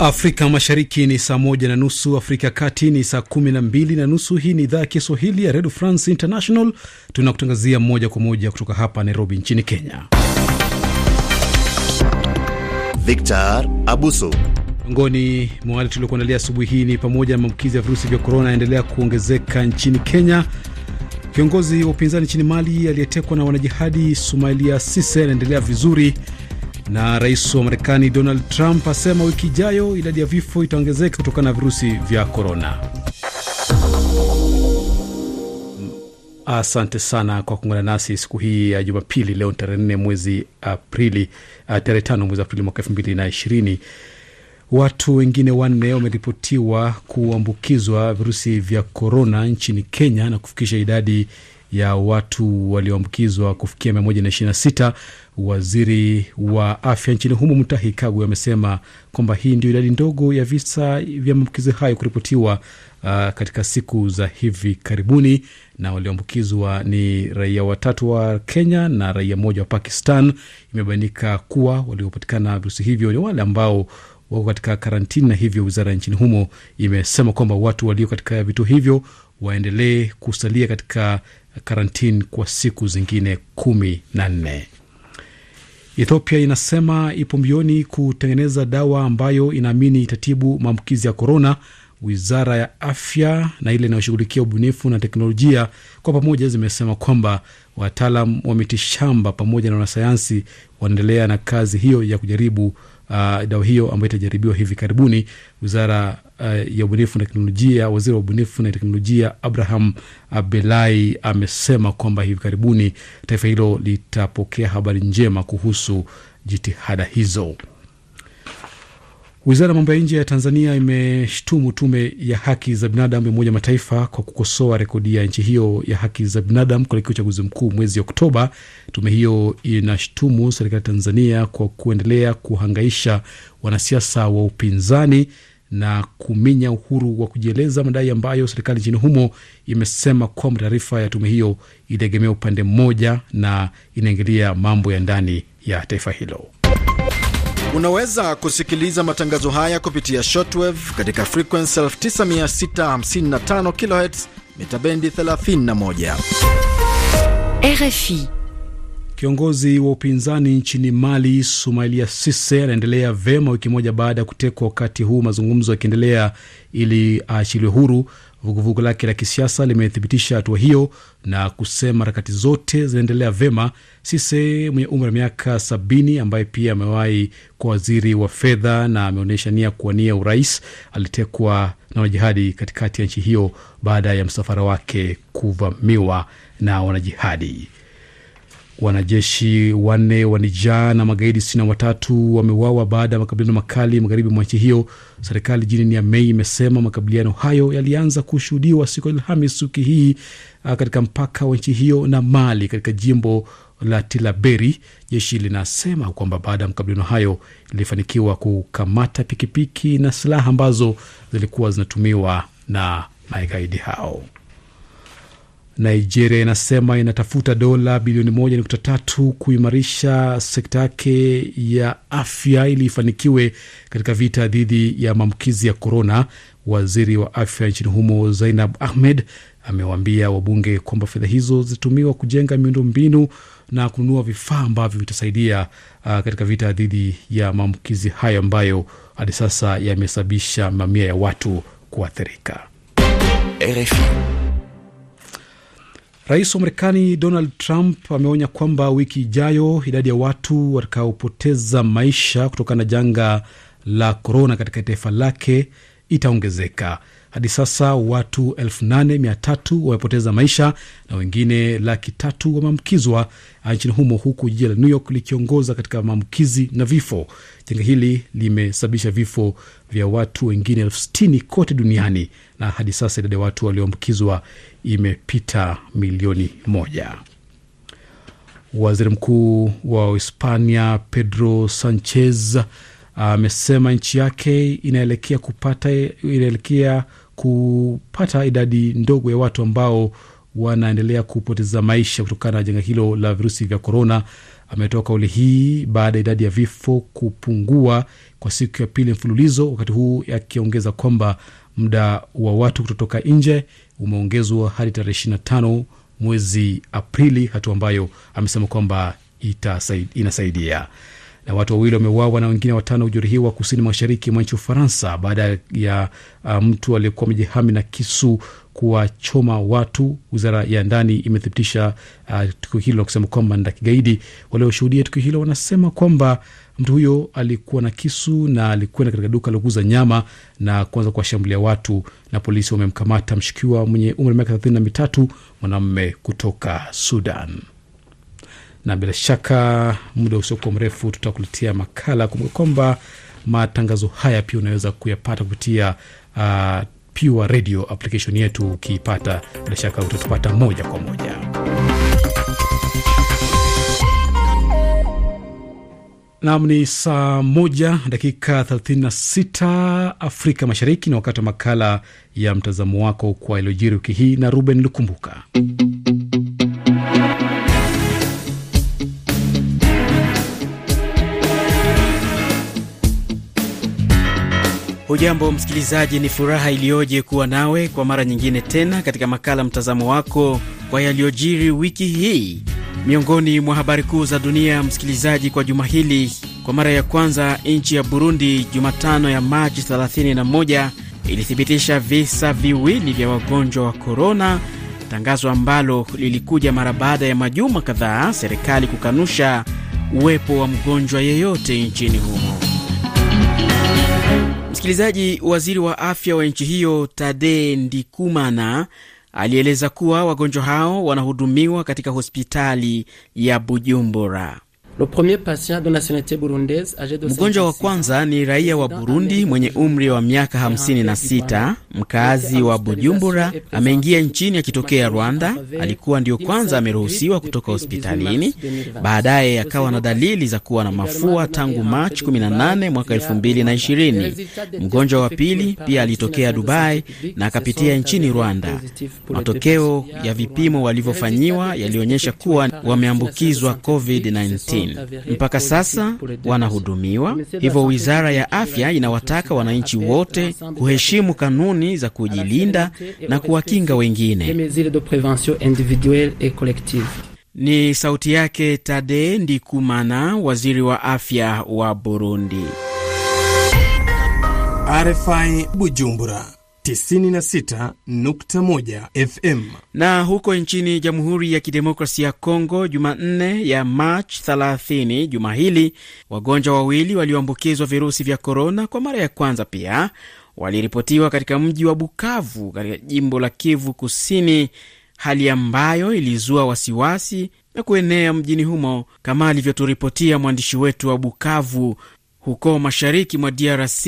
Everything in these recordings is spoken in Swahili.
Afrika Mashariki ni saa moja na nusu, Afrika ya Kati ni saa kumi na mbili na nusu. Hii ni idhaa ya Kiswahili ya Redio France International, tunakutangazia moja kwa moja kutoka hapa Nairobi nchini Kenya. Victor Abuso. Miongoni mwa wale tuliokuandalia asubuhi hii ni pamoja na maambukizi ya virusi vya korona yanaendelea kuongezeka nchini Kenya. Kiongozi wa upinzani nchini Mali aliyetekwa na wanajihadi Sumailia Sise anaendelea vizuri na rais wa Marekani Donald Trump asema wiki ijayo idadi ya vifo itaongezeka kutokana na virusi vya korona. Asante sana kwa kuungana nasi siku hii ya Jumapili, leo tarehe nne mwezi Aprili, eh, tarehe tano mwezi Aprili mwaka elfu mbili na ishirini. Watu wengine wanne wameripotiwa kuambukizwa virusi vya korona nchini Kenya na kufikisha idadi ya watu walioambukizwa kufikia 126. Waziri wa afya nchini humo Mutahi Kagwe amesema kwamba hii ndio idadi ndogo ya visa vya maambukizi hayo kuripotiwa uh, katika siku za hivi karibuni, na walioambukizwa ni raia watatu wa Kenya na raia mmoja wa Pakistan. Imebainika kuwa waliopatikana virusi hivyo ni wale ambao wako katika karantini, na hivyo wizara nchini humo imesema kwamba watu walio katika vituo hivyo waendelee kusalia katika karantini kwa siku zingine kumi na nne. Ethiopia inasema ipo mbioni kutengeneza dawa ambayo inaamini itatibu maambukizi ya korona. Wizara ya afya na ile inayoshughulikia ubunifu na teknolojia kwa pamoja zimesema kwamba wataalam wa mitishamba pamoja na wanasayansi wanaendelea na kazi hiyo ya kujaribu uh, ah, dawa hiyo ambayo itajaribiwa hivi karibuni. Wizara uh, ya ubunifu na teknolojia, waziri wa ubunifu na teknolojia Abraham Belai amesema kwamba hivi karibuni taifa hilo litapokea habari njema kuhusu jitihada hizo. Wizara ya mambo ya nje ya Tanzania imeshtumu tume ya haki za binadamu ya Umoja Mataifa kwa kukosoa rekodi ya nchi hiyo ya haki za binadamu kuelekea uchaguzi mkuu mwezi Oktoba. Tume hiyo inashtumu serikali ya Tanzania kwa kuendelea kuhangaisha wanasiasa wa upinzani na kuminya uhuru wa kujieleza, madai ambayo serikali nchini humo imesema kwamba taarifa ya tume hiyo iliegemea upande mmoja na inaingilia mambo ya ndani ya taifa hilo. Unaweza kusikiliza matangazo haya kupitia shortwave katika frequency 9655 kHz mitabendi 31 RFI. Kiongozi wa upinzani nchini Mali, Sumailia Sise, anaendelea vema wiki moja baada ya kutekwa, wakati huu mazungumzo yakiendelea ili aachiliwe huru. Vuguvugu lake la kisiasa limethibitisha hatua hiyo na kusema harakati zote zinaendelea vema. sise mwenye umri wa miaka sabini, ambaye pia amewahi kuwa waziri wa fedha na ameonyesha nia kuwania urais, alitekwa na wanajihadi katikati ya nchi hiyo baada ya msafara wake kuvamiwa na wanajihadi. Wanajeshi wanne wa nija na magaidi sitini na watatu wameuawa baada ya makabiliano makali magharibi mwa nchi hiyo. Serikali ya Mei imesema makabiliano hayo yalianza kushuhudiwa siku ya Alhamis wiki hii ah, katika mpaka wa nchi hiyo na Mali katika jimbo la Tilaberi. Jeshi linasema kwamba baada ya makabiliano hayo ilifanikiwa kukamata pikipiki na silaha ambazo zilikuwa zinatumiwa na magaidi hao. Nigeria inasema inatafuta dola bilioni 1.3 kuimarisha sekta yake ya afya ili ifanikiwe katika vita dhidi ya maambukizi ya korona. Waziri wa afya nchini humo Zainab Ahmed amewaambia wabunge kwamba fedha hizo zitatumiwa kujenga miundo mbinu na kununua vifaa ambavyo vitasaidia uh, katika vita dhidi ya maambukizi hayo ambayo hadi sasa yamesababisha mamia ya watu kuathirika. RFI Rais wa Marekani Donald Trump ameonya kwamba wiki ijayo idadi ya watu watakaopoteza maisha kutokana na janga la korona katika taifa lake itaongezeka. Hadi sasa watu elfu nane mia tatu wamepoteza maisha na wengine laki tatu wameambukizwa Uh, nchini humo, huku jiji la New York likiongoza katika maambukizi na vifo. Janga hili limesababisha vifo vya watu wengine elfu sitini kote duniani na hadi sasa idadi ya watu walioambukizwa imepita milioni moja. Waziri Mkuu wa Hispania Pedro Sanchez amesema nchi yake inaelekea kupata, inaelekea kupata idadi ndogo ya watu ambao wanaendelea kupoteza maisha kutokana na janga hilo la virusi vya korona. Ametoa kauli hii baada ya idadi ya vifo kupungua kwa siku ya pili mfululizo, wakati huu akiongeza kwamba muda wa watu kutotoka nje umeongezwa hadi tarehe 25 mwezi Aprili, hatua ambayo amesema kwamba inasaidia. Na watu wawili wameuawa na wengine watano kujeruhiwa kusini mashariki mwa nchi Ufaransa baada ya uh, mtu aliyekuwa amejihami na kisu kuwachoma watu. Wizara ya ndani imethibitisha uh, tukio hilo na kusema kwamba ni la kigaidi. Walioshuhudia tukio hilo wanasema kwamba mtu huyo alikuwa na kisu na alikwenda katika duka la kuuza nyama na kuanza kuwashambulia watu, na polisi wamemkamata mshukiwa mwenye umri wa miaka thelathini na mitatu, mwanamume kutoka Sudan na bila shaka muda usiokuwa mrefu tutakuletea makala. Kumbuka kwamba matangazo haya pia unaweza kuyapata kupitia uh, Pure Radio application yetu. Ukiipata bila shaka utatupata moja kwa moja. Nam ni saa moja dakika 36 Afrika Mashariki, na wakati wa makala ya mtazamo wako kwa iliyojiri wiki hii na Ruben Lukumbuka. Hujambo msikilizaji, ni furaha iliyoje kuwa nawe kwa mara nyingine tena katika makala mtazamo wako kwa yaliyojiri wiki hii. Miongoni mwa habari kuu za dunia, msikilizaji, kwa juma hili, kwa mara ya kwanza nchi ya Burundi Jumatano ya Machi 31 ilithibitisha visa viwili vya wagonjwa wa korona, tangazo ambalo lilikuja mara baada ya majuma kadhaa serikali kukanusha uwepo wa mgonjwa yeyote nchini humo. Msikilizaji, waziri wa afya wa nchi hiyo Tade Ndikumana alieleza kuwa wagonjwa hao wanahudumiwa katika hospitali ya Bujumbura. Mgonjwa wa kwanza ni raia wa Burundi mwenye umri wa miaka 56, mkaazi wa Bujumbura. Ameingia nchini akitokea Rwanda. Alikuwa ndiyo kwanza ameruhusiwa kutoka hospitalini, baadaye akawa na dalili za kuwa na mafua tangu Machi 18 mwaka 2020. Mgonjwa wa pili pia alitokea Dubai na akapitia nchini Rwanda. Matokeo ya vipimo walivyofanyiwa yalionyesha kuwa wameambukizwa COVID-19. Mpaka sasa wanahudumiwa hivyo. Wizara ya Afya inawataka wananchi wote kuheshimu kanuni za kujilinda na kuwakinga wengine. Ni sauti yake Tade Ndikumana, waziri wa afya wa Burundi. RFI Bujumbura 96.1 FM. Na huko nchini Jamhuri ya Kidemokrasia ya Kongo, Jumanne ya Machi 30 juma hili, wagonjwa wawili walioambukizwa virusi vya korona kwa mara ya kwanza pia waliripotiwa katika mji wa Bukavu katika jimbo la Kivu Kusini, hali ambayo ilizua wasiwasi na kuenea mjini humo, kama alivyoturipotia mwandishi wetu wa Bukavu huko mashariki mwa DRC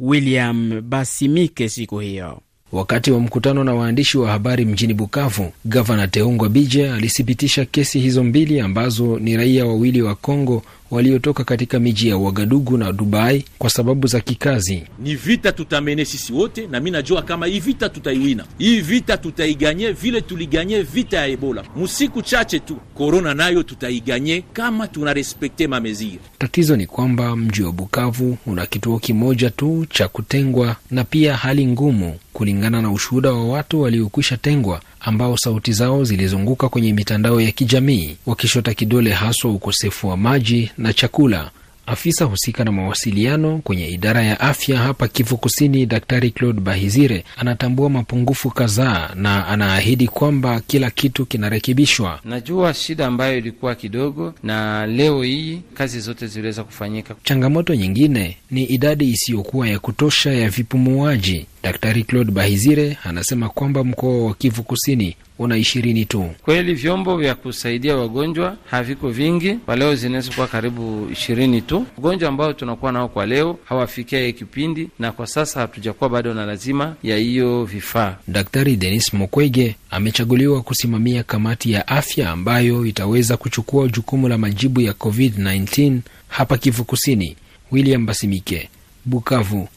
William Basimike siku hiyo. Wakati wa mkutano na waandishi wa habari mjini Bukavu, gavana Teungwa Bije alithibitisha kesi hizo mbili ambazo ni raia wawili wa Kongo waliotoka katika miji ya Wagadugu na Dubai kwa sababu za kikazi. Ni vita tutamene sisi wote, na mi najua kama hii vita tutaiwina, hii vita tutaiganye vile tuliganye vita ya Ebola. Musiku chache tu korona nayo tutaiganye kama tunarespekte mameziri. Tatizo ni kwamba mji wa Bukavu una kituo kimoja tu cha kutengwa na pia hali ngumu kulingana na ushuhuda wa watu waliokwisha tengwa ambao sauti zao zilizunguka kwenye mitandao ya kijamii wakishota kidole haswa ukosefu wa maji na chakula. Afisa husika na mawasiliano kwenye idara ya afya hapa Kivu Kusini, Daktari Claude Bahizire anatambua mapungufu kadhaa na anaahidi kwamba kila kitu kinarekebishwa. Najua shida ambayo ilikuwa kidogo, na leo hii kazi zote ziliweza kufanyika. Changamoto nyingine ni idadi isiyokuwa ya kutosha ya vipumuaji. Daktari Claude Bahizire anasema kwamba mkoa wa Kivu Kusini una ishirini tu. Kweli vyombo vya kusaidia wagonjwa haviko vingi, kwa leo zinaweza kuwa karibu ishirini tu. Wagonjwa ambao tunakuwa nao kwa leo hawafikia kipindi, na kwa sasa hatujakuwa bado na lazima ya hiyo vifaa. Daktari Denis Mukwege amechaguliwa kusimamia kamati ya afya ambayo itaweza kuchukua jukumu la majibu ya COVID-19 hapa Kivu Kusini. William Basimike, Bukavu,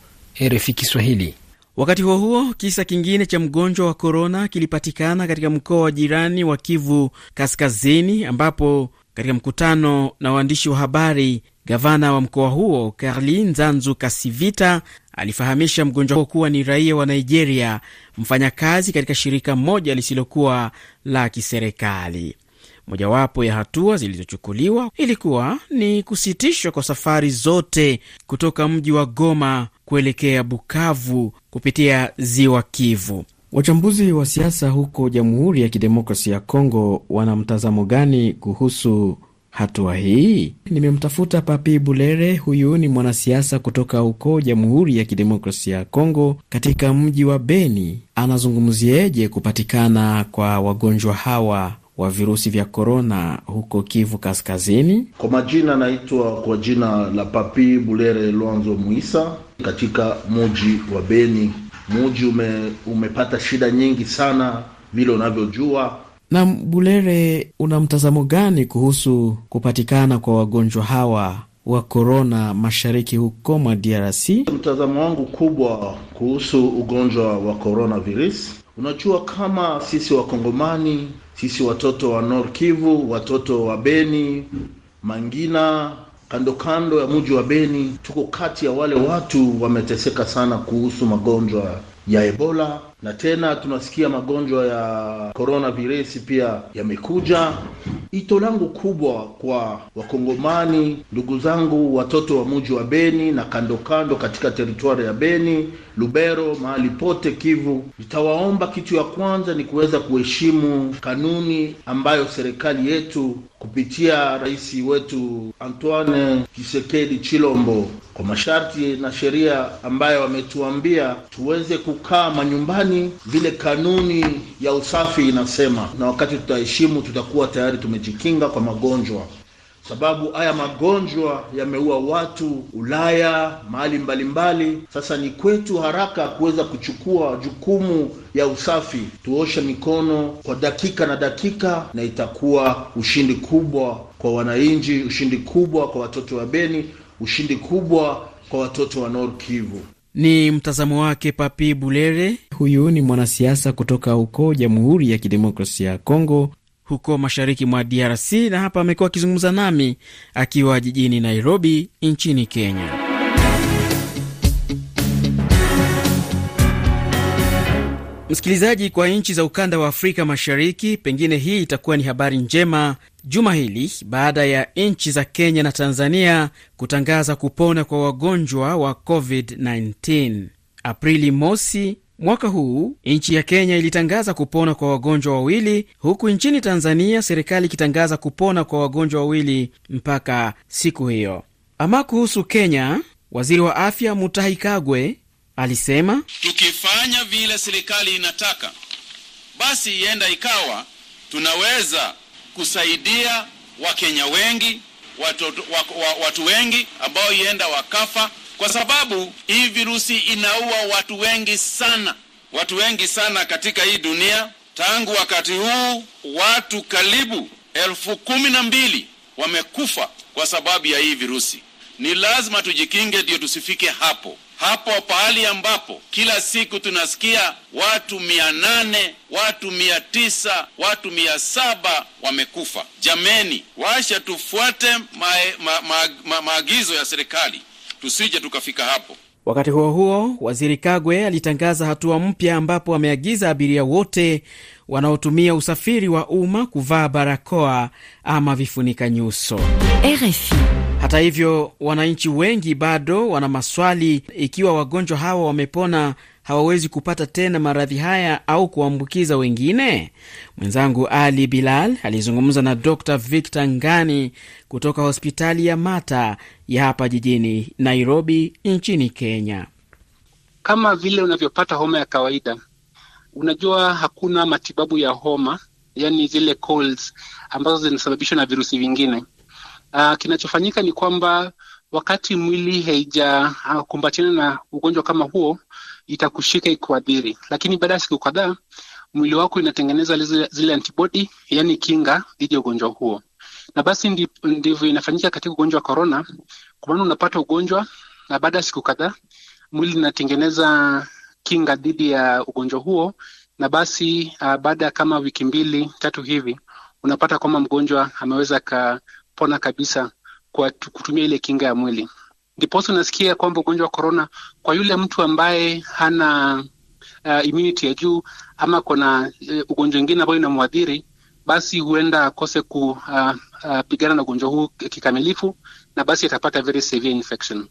RFI Kiswahili. Wakati huo huo, kisa kingine cha mgonjwa wa korona kilipatikana katika mkoa wa jirani wa Kivu Kaskazini, ambapo katika mkutano na waandishi wa habari, gavana wa mkoa huo Karli Nzanzu Kasivita alifahamisha mgonjwa huo kuwa ni raia wa Nigeria, mfanyakazi katika shirika moja lisilokuwa la kiserikali. Mojawapo ya hatua zilizochukuliwa ilikuwa ni kusitishwa kwa safari zote kutoka mji wa Goma kuelekea Bukavu kupitia ziwa Kivu. Wachambuzi wa siasa huko Jamhuri ya Kidemokrasia ya Kongo wana mtazamo gani kuhusu hatua hii? Nimemtafuta Papi Bulere, huyu ni mwanasiasa kutoka huko Jamhuri ya Kidemokrasia ya Kongo katika mji wa Beni. Anazungumzieje kupatikana kwa wagonjwa hawa wa virusi vya korona huko Kivu Kaskazini. Kwa majina anaitwa kwa jina la Papi Bulere Lwanzo Muisa katika muji wa Beni. Muji ume, umepata shida nyingi sana vile unavyojua. Na Bulere, una mtazamo gani kuhusu kupatikana kwa wagonjwa hawa wa korona mashariki huko mwa DRC? Mtazamo wangu kubwa kuhusu ugonjwa wa coronavirus, unajua kama sisi wakongomani sisi watoto wa nor Kivu, watoto wa Beni, Mangina, kando kando ya mji wa Beni, tuko kati ya wale watu wameteseka sana kuhusu magonjwa ya Ebola na tena tunasikia magonjwa ya korona pia yamekuja. Ito langu kubwa kwa Wakongomani, ndugu zangu, watoto wa muji wa Beni na kando kando katika teritwari ya Beni, Lubero, mahali pote Kivu, nitawaomba kitu ya kwanza ni kuweza kuheshimu kanuni ambayo serikali yetu kupitia rais wetu Antoine Tshisekedi Chilombo, kwa masharti na sheria ambayo wametuambia tuweze ku kukaa manyumbani vile kanuni ya usafi inasema, na wakati tutaheshimu, tutakuwa tayari tumejikinga kwa magonjwa, sababu haya magonjwa yameua watu Ulaya, mahali mbalimbali. Sasa ni kwetu haraka kuweza kuchukua jukumu ya usafi, tuoshe mikono kwa dakika na dakika, na itakuwa ushindi kubwa kwa wananchi, ushindi kubwa kwa watoto wa Beni, ushindi kubwa kwa watoto wa Nord Kivu. Ni mtazamo wake Papi Bulere. Huyu ni mwanasiasa kutoka huko Jamhuri ya Kidemokrasia ya Kongo, huko mashariki mwa DRC, na hapa amekuwa akizungumza nami akiwa jijini Nairobi nchini Kenya. Msikilizaji, kwa nchi za ukanda wa Afrika Mashariki, pengine hii itakuwa ni habari njema juma hili baada ya nchi za Kenya na Tanzania kutangaza kupona kwa wagonjwa wa COVID-19. Aprili mosi mwaka huu nchi ya Kenya ilitangaza kupona kwa wagonjwa wawili, huku nchini Tanzania serikali ikitangaza kupona kwa wagonjwa wawili mpaka siku hiyo. Ama kuhusu Kenya, waziri wa afya Mutahi Kagwe alisema tukifanya vile serikali inataka, basi ienda ikawa tunaweza kusaidia Wakenya wengi watu, watu wengi ambao ienda wakafa, kwa sababu hii virusi inaua watu wengi sana, watu wengi sana katika hii dunia. Tangu wakati huu watu karibu elfu kumi na mbili wamekufa kwa sababu ya hii virusi. Ni lazima tujikinge, ndio tusifike hapo hapo pahali ambapo kila siku tunasikia watu mia nane watu mia tisa watu mia saba wamekufa. Jameni, washa tufuate maagizo ma, ma, ma, ma ya serikali, tusije tukafika hapo. Wakati huo huo, waziri Kagwe alitangaza hatua mpya ambapo ameagiza abiria wote wanaotumia usafiri wa umma kuvaa barakoa ama vifunika nyuso. RFI. Hata hivyo, wananchi wengi bado wana maswali ikiwa wagonjwa hawa wamepona hawawezi kupata tena maradhi haya au kuambukiza wengine. Mwenzangu Ali Bilal alizungumza na Dr Victor Ngani kutoka hospitali ya Mata ya hapa jijini Nairobi nchini Kenya. Kama vile unavyopata homa ya kawaida, unajua hakuna matibabu ya homa, yani zile colds ambazo zinasababishwa na virusi vingine. Uh, kinachofanyika ni kwamba wakati mwili haijakumbatiana ah, uh, na ugonjwa kama huo, itakushika ikuadhiri, lakini baada ya siku kadhaa mwili wako inatengeneza zile, zile antibody, yaani kinga dhidi ya ugonjwa huo, na basi ndivyo inafanyika katika ugonjwa wa korona. Kwa maana unapata ugonjwa na baada ya siku kadhaa mwili inatengeneza kinga dhidi ya ugonjwa huo, na basi uh, baada ya kama wiki mbili tatu hivi unapata kwamba mgonjwa ameweza ka pona kabisa kwa kutumia ile kinga ya mwili. Ndiposa unasikia kwamba ugonjwa wa korona kwa yule mtu ambaye hana uh, immunity ya juu ama kuna uh, eh, ugonjwa wengine ambayo inamwadhiri, basi huenda akose kupigana uh, uh, na ugonjwa huu kikamilifu, na basi atapata very severe infection.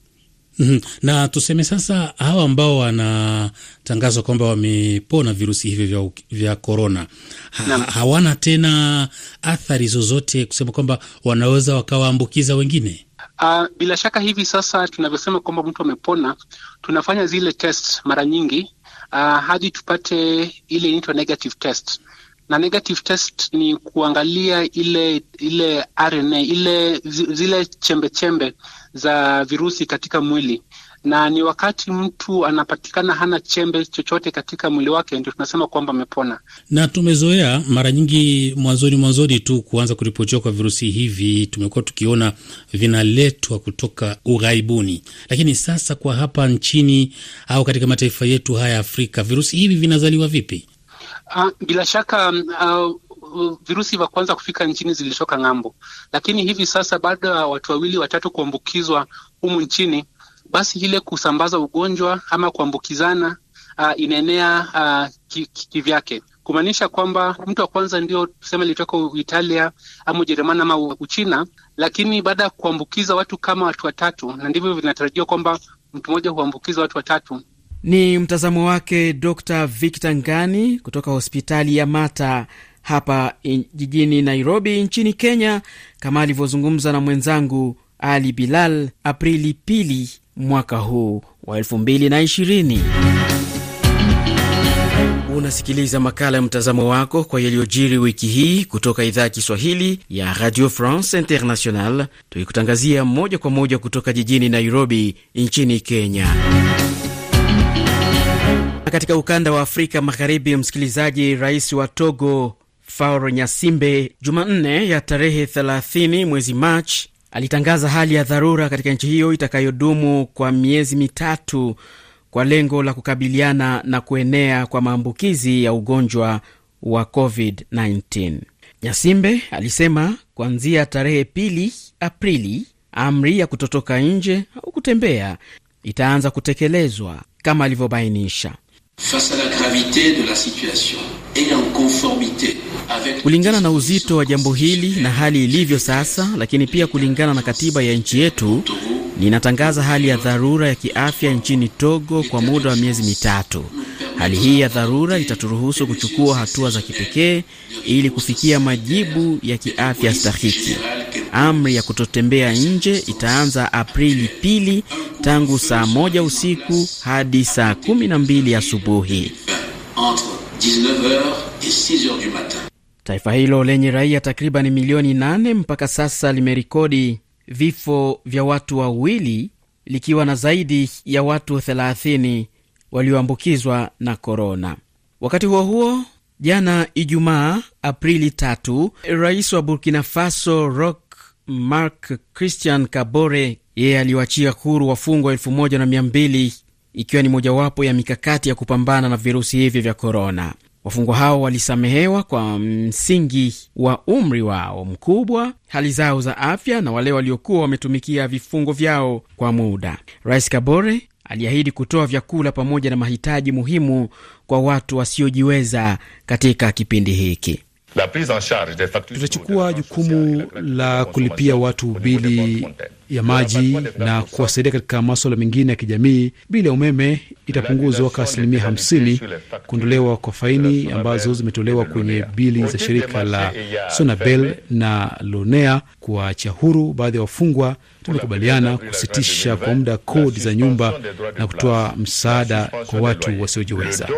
Mm -hmm. Na tuseme sasa hawa ambao wanatangazwa kwamba wamepona virusi hivyo vya, vya korona ha, hawana tena athari zozote kusema kwamba wanaweza wakawaambukiza wengine. Uh, bila shaka hivi sasa tunavyosema kwamba mtu amepona, tunafanya zile test mara nyingi uh, hadi tupate ile inaitwa negative test na negative test ni kuangalia ile ile RNA ile zile chembe chembe za virusi katika mwili, na ni wakati mtu anapatikana hana chembe chochote katika mwili wake, ndio tunasema kwamba amepona. Na tumezoea mara nyingi mwanzoni mwanzoni tu kuanza kuripotiwa kwa virusi hivi, tumekuwa tukiona vinaletwa kutoka ughaibuni, lakini sasa kwa hapa nchini au katika mataifa yetu haya Afrika, virusi hivi vinazaliwa vipi? Ah, bila shaka uh, virusi vya kwanza kufika nchini zilitoka ng'ambo, lakini hivi sasa baada ya watu wawili watatu kuambukizwa humu nchini, basi ile kusambaza ugonjwa ama kuambukizana uh, inaenea uh, ah, kivyake ki, ki kumaanisha kwamba mtu wa kwanza ndio tuseme alitoka Italia ama Ujerumani ama Uchina, lakini baada ya kuambukiza watu kama watu watatu, na ndivyo vinatarajiwa kwamba mtu mmoja huambukiza watu watatu. Ni mtazamo wake Dr Victor Ngani kutoka hospitali ya Mata hapa in, jijini Nairobi nchini Kenya, kama alivyozungumza na mwenzangu Ali Bilal Aprili pili mwaka huu wa 2020. Unasikiliza makala ya mtazamo wako kwa yaliyojiri wiki hii kutoka idhaa ya Kiswahili ya Radio France International, tukikutangazia moja kwa moja kutoka jijini Nairobi nchini Kenya. Katika ukanda wa Afrika Magharibi, msikilizaji, rais wa Togo Faoro Nyasimbe Jumanne ya tarehe 30 mwezi Machi alitangaza hali ya dharura katika nchi hiyo itakayodumu kwa miezi mitatu kwa lengo la kukabiliana na kuenea kwa maambukizi ya ugonjwa wa COVID-19. Nyasimbe alisema kuanzia tarehe pili Aprili, amri ya kutotoka nje au kutembea itaanza kutekelezwa kama alivyobainisha. Face a la gravite de la situation et en conformite Kulingana na uzito wa jambo hili na hali ilivyo sasa, lakini pia kulingana na katiba ya nchi yetu, ninatangaza hali ya dharura ya kiafya nchini Togo kwa muda wa miezi mitatu. Hali hii ya dharura itaturuhusu kuchukua hatua za kipekee ili kufikia majibu ya kiafya stahiki. Amri ya kutotembea nje itaanza Aprili pili tangu saa moja usiku hadi saa kumi na mbili asubuhi. Taifa hilo lenye raia takriban milioni 8 mpaka sasa limerekodi vifo vya watu wawili likiwa na zaidi ya watu 30 walioambukizwa na korona. Wakati huo huo, jana Ijumaa Aprili 3, rais wa Burkina Faso Roch Marc Christian Kabore yeye aliwachia huru wafungwa 1200 ikiwa ni mojawapo ya mikakati ya kupambana na virusi hivyo vya korona. Wafungwa hao walisamehewa kwa msingi wa umri wao mkubwa, hali zao za afya na wale waliokuwa wametumikia vifungo vyao kwa muda. Rais Kabore aliahidi kutoa vyakula pamoja na mahitaji muhimu kwa watu wasiojiweza katika kipindi hiki. Tutachukua jukumu la kulipia watu bili ya maji na kuwasaidia katika maswala mengine ya kijamii. Bili ya umeme itapunguzwa kwa asilimia 50, kuondolewa kwa faini ambazo zimetolewa kwenye bili za shirika la Sonabel na Lonea, kuwaachia huru baadhi ya wafungwa. Tumekubaliana kusitisha kwa muda kodi za nyumba na kutoa msaada kwa watu wasiojiweza.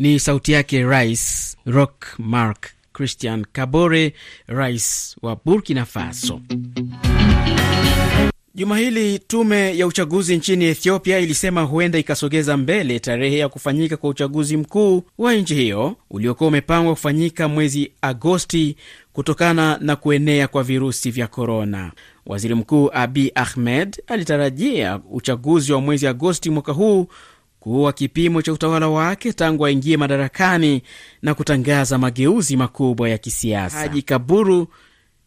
Ni sauti yake Rais rock mark Christian Kabore, rais wa Burkina Faso. Juma hili tume ya uchaguzi nchini Ethiopia ilisema huenda ikasogeza mbele tarehe ya kufanyika kwa uchaguzi mkuu wa nchi hiyo uliokuwa umepangwa kufanyika mwezi Agosti kutokana na kuenea kwa virusi vya korona. Waziri Mkuu abi Ahmed alitarajia uchaguzi wa mwezi Agosti mwaka huu kuwa kipimo cha utawala wake tangu aingie madarakani na kutangaza mageuzi makubwa ya kisiasa. Haji Kaburu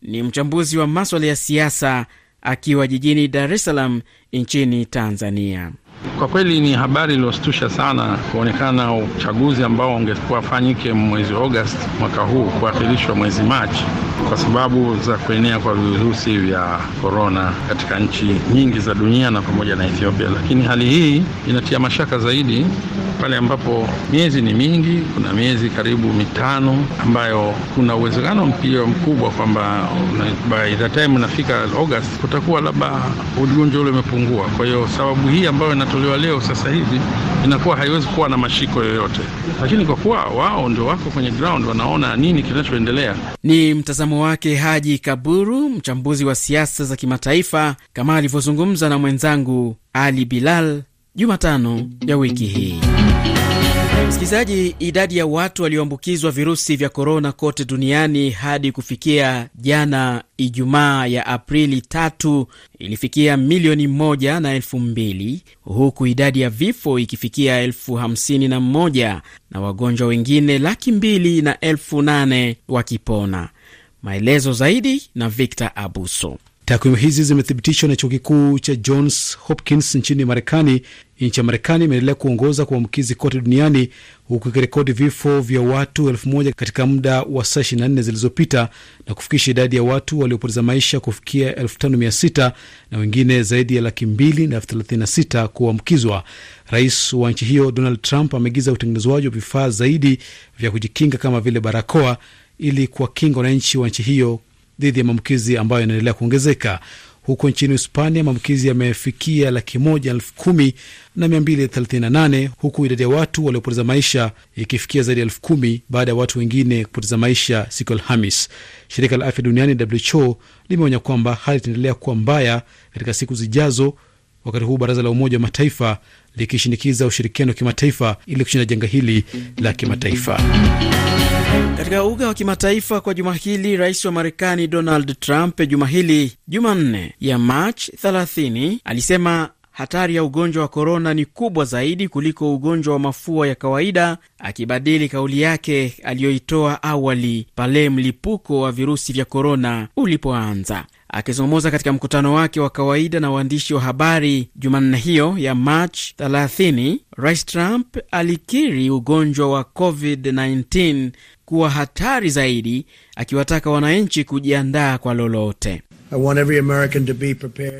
ni mchambuzi wa maswala ya siasa akiwa jijini Dar es Salaam nchini Tanzania. Kwa kweli ni habari iliyostusha sana kuonekana uchaguzi ambao ungekuwa afanyike mwezi Agosti mwaka huu kuahirishwa mwezi Machi kwa sababu za kuenea kwa virusi vya korona katika nchi nyingi za dunia na pamoja na Ethiopia. Lakini hali hii inatia mashaka zaidi pale ambapo miezi ni mingi, kuna miezi karibu mitano ambayo kuna uwezekano mpio mkubwa kwamba by the time unafika August kutakuwa labda ugonjwa ule umepungua. Kwa hiyo sababu hii ambayo inatolewa leo sasa hivi inakuwa haiwezi kuwa na mashiko yoyote, lakini kwa kuwa wao ndio wako kwenye ground, wanaona nini kinachoendelea. Ni mtazamo mtazamo wake Haji Kaburu, mchambuzi wa siasa za kimataifa, kama alivyozungumza na mwenzangu Ali Bilal Jumatano ya wiki hii. Msikilizaji, idadi ya watu walioambukizwa virusi vya korona kote duniani hadi kufikia jana Ijumaa ya Aprili tatu ilifikia milioni moja na elfu mbili huku idadi ya vifo ikifikia elfu hamsini na moja na wagonjwa wengine laki mbili na elfu nane wakipona. Maelezo zaidi na Victor Abuso. Takwimu hizi zimethibitishwa na chuo kikuu cha Johns Hopkins nchini Marekani. Nchi ya Marekani imeendelea kuongoza kwa uambukizi kote duniani huku ikirekodi vifo vya watu elfu moja katika muda wa saa 24 zilizopita na kufikisha idadi ya watu waliopoteza maisha kufikia elfu tano mia sita na wengine zaidi ya laki mbili na elfu thelathini na sita kuambukizwa. Rais wa nchi hiyo Donald Trump ameagiza utengenezwaji wa vifaa zaidi vya kujikinga kama vile barakoa ili kuwakinga wananchi wa nchi hiyo dhidi ya maambukizi ambayo yanaendelea kuongezeka. Huko nchini Hispania, maambukizi yamefikia laki moja elfu kumi na mia mbili thelathini na nane huku idadi ya watu waliopoteza maisha ikifikia zaidi ya elfu kumi baada ya watu wengine kupoteza maisha siku Alhamis. Shirika la afya duniani WHO limeonya kwamba hali itaendelea kuwa mbaya katika siku zijazo wakati huu baraza la Umoja wa Mataifa likishinikiza ushirikiano wa kimataifa ili kushinda janga hili la kimataifa. Katika uga wa kimataifa kwa juma hili, rais wa Marekani Donald Trump juma hili Jumanne ya Machi 30 alisema hatari ya ugonjwa wa korona ni kubwa zaidi kuliko ugonjwa wa mafua ya kawaida, akibadili kauli yake aliyoitoa awali pale mlipuko wa virusi vya korona ulipoanza. Akizungumza katika mkutano wake wa kawaida na waandishi wa habari Jumanne hiyo ya Machi 30, Rais Trump alikiri ugonjwa wa COVID-19 kuwa hatari zaidi, akiwataka wananchi kujiandaa kwa lolote.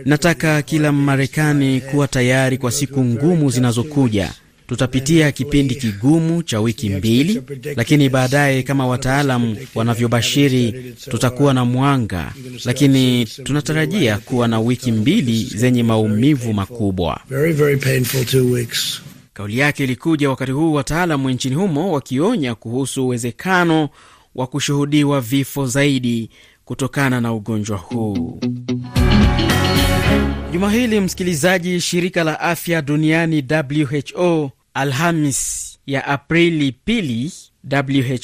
Nataka kila Mmarekani kuwa tayari kwa siku ngumu zinazokuja Tutapitia kipindi kigumu cha wiki mbili, lakini baadaye, kama wataalam wanavyobashiri, tutakuwa na mwanga, lakini tunatarajia kuwa na wiki mbili zenye maumivu makubwa. Kauli yake ilikuja wakati huu wataalamu nchini humo wakionya kuhusu uwezekano wa kushuhudiwa vifo zaidi kutokana na ugonjwa huu. Juma hili msikilizaji, shirika la afya duniani WHO Alhamis ya Aprili pili,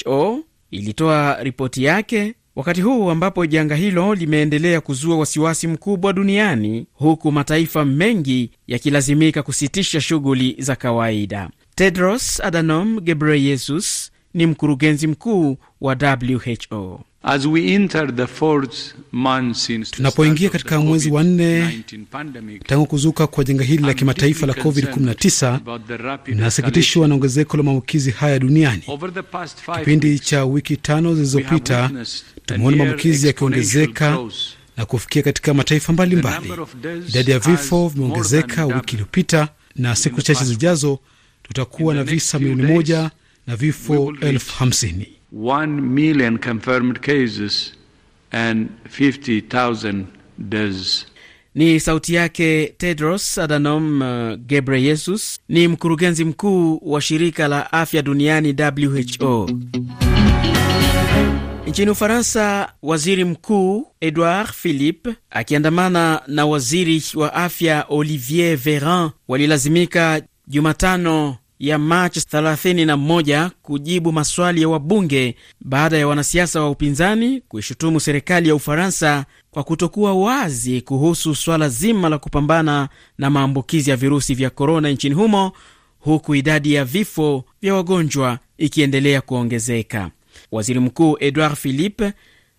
WHO ilitoa ripoti yake wakati huu ambapo janga hilo limeendelea kuzua wasiwasi mkubwa duniani huku mataifa mengi yakilazimika kusitisha shughuli za kawaida. Tedros Adhanom Ghebreyesus ni mkurugenzi mkuu wa WHO. Tunapoingia katika mwezi wa nne tangu kuzuka kwa janga hili la kimataifa la COVID-19, nasikitishwa na ongezeko la maambukizi haya duniani. Kipindi cha wiki tano zilizopita, tumeona maambukizi yakiongezeka na kufikia katika mataifa mbalimbali. Idadi ya vifo vimeongezeka wiki iliyopita, na siku chache zijazo tutakuwa na visa milioni moja na vifo elfu hamsini. 1 million confirmed cases and 50,000 deaths. Ni sauti yake Tedros Adhanom uh, Ghebreyesus, ni mkurugenzi mkuu wa shirika la afya duniani WHO. Nchini Ufaransa, waziri mkuu Edouard Philippe akiandamana na waziri wa afya Olivier Veran walilazimika Jumatano ya Machi 31 kujibu maswali ya wabunge baada ya wanasiasa wa upinzani kuishutumu serikali ya Ufaransa kwa kutokuwa wazi kuhusu swala zima la kupambana na maambukizi ya virusi vya korona nchini humo, huku idadi ya vifo vya wagonjwa ikiendelea kuongezeka. Waziri Mkuu Edouard Philippe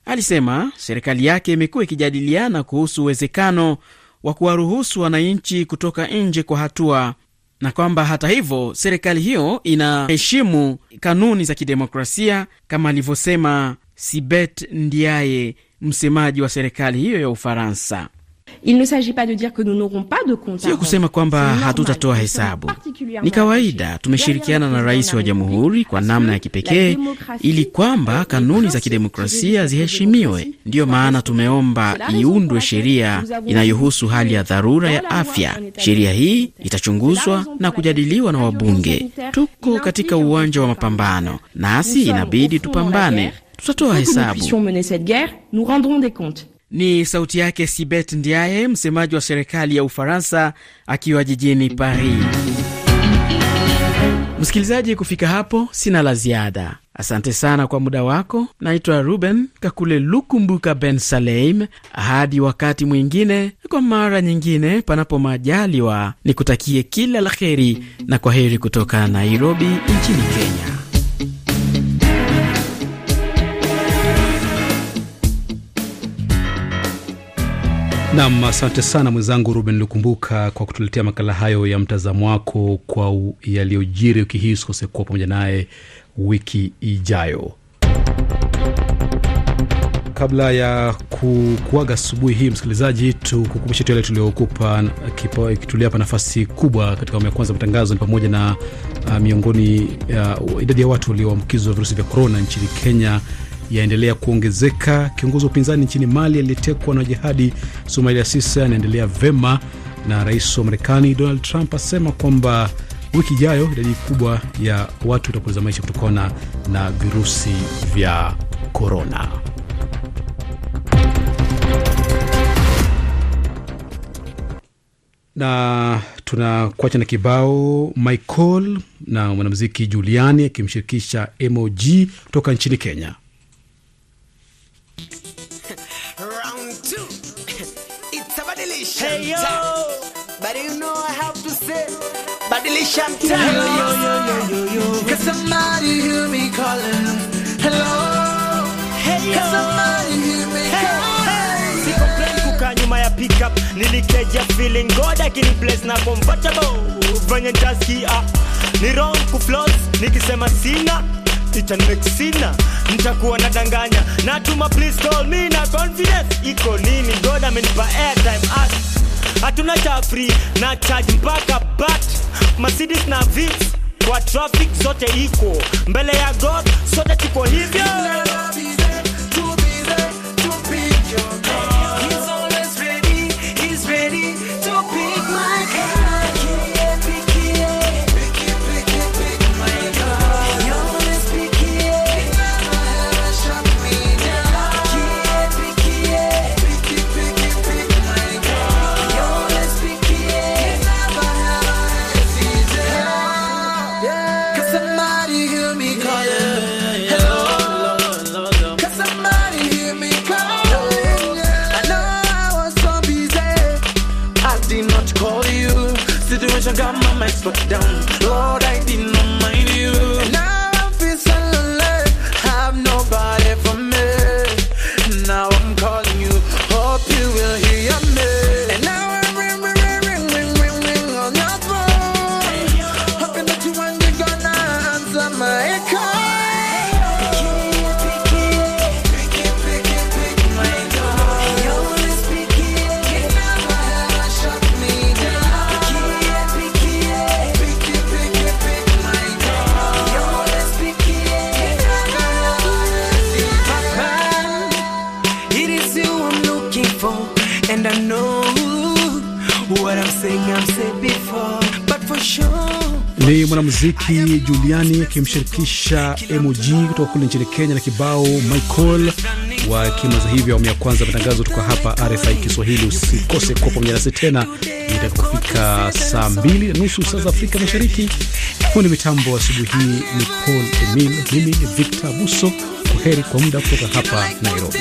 alisema serikali yake imekuwa ikijadiliana kuhusu uwezekano wa kuwaruhusu wananchi kutoka nje kwa hatua na kwamba hata hivyo serikali hiyo inaheshimu kanuni za kidemokrasia kama alivyosema Sibet Ndiaye, msemaji wa serikali hiyo ya Ufaransa. Sio kusema kwamba hatutatoa hesabu ni kawaida tumeshirikiana na rais wa jamhuri kwa namna ya kipekee ili kwamba kanuni za kidemokrasia ziheshimiwe. Ndiyo maana tumeomba iundwe sheria inayohusu hali ya dharura ya afya. Sheria hii itachunguzwa na kujadiliwa na wabunge. Tuko katika uwanja wa mapambano, nasi inabidi tupambane. Tutatoa hesabu. Ni sauti yake Sibet Ndiaye, msemaji wa serikali ya Ufaransa akiwa jijini Paris. Msikilizaji, kufika hapo sina la ziada. Asante sana kwa muda wako. Naitwa Ruben Kakule Lukumbuka Ben Saleim. Hadi wakati mwingine, kwa mara nyingine, panapo majaliwa, nikutakie kila la heri na kwa heri kutoka Nairobi nchini Kenya. Nam, asante sana mwenzangu Ruben Lukumbuka kwa kutuletea makala hayo ya mtazamo wako kwa yaliyojiri wiki hii. Usikose kuwa pamoja naye wiki ijayo. Kabla ya kukuaga asubuhi hii, msikilizaji, tukukumbushe tu yale tuliokupa tuliapa nafasi kubwa katika awamu ya kwanza matangazo ni pamoja na uh, miongoni uh, idadi ya watu walioambukizwa virusi vya korona nchini Kenya yaendelea kuongezeka. Kiongozi wa upinzani nchini Mali aliyetekwa na jihadi Sumaila Sisa anaendelea vema, na rais wa Marekani Donald Trump asema kwamba wiki ijayo idadi kubwa ya watu itapoteza maisha kutokana na virusi vya korona. na tunakuacha na kibao Michael na mwanamuziki Juliani akimshirikisha MOG kutoka nchini Kenya. round two. it's a badilishan hey, yo. time. But you know I have to say, badilishan time. Yo, yo, yo, yo, yo, yo. Cause somebody hear me calling. Hello. Hey, yo. Cause somebody hear me hey. calling. nyuma ya pickup nilikeja feeling god akini place na comfortable just ntaskia ni wrong kuflos nikisema sina itanmek sina mtakuwa nadanganya natuma please call me na confidence iko nini god amenipa airtime ask hatuna cha free na charge mpaka but mercedes na Vips kwa traffic zote iko mbele ya god sote tuko hivyo Ni mwanamuziki Juliani akimshirikisha MG kutoka kule nchini Kenya na kibao Michael wakimaliza hivyo awamu ya kwanza matangazo kutoka hapa RFI Kiswahili. Usikose kuwa pamoja nasi tena itakapofika saa mbili na nusu saa za Afrika Mashariki. Huu ni mitambo asubuhi hii ni Paul Emil, mimi ni Victor Buso. Kwa heri kwa muda kutoka hapa Nairobi.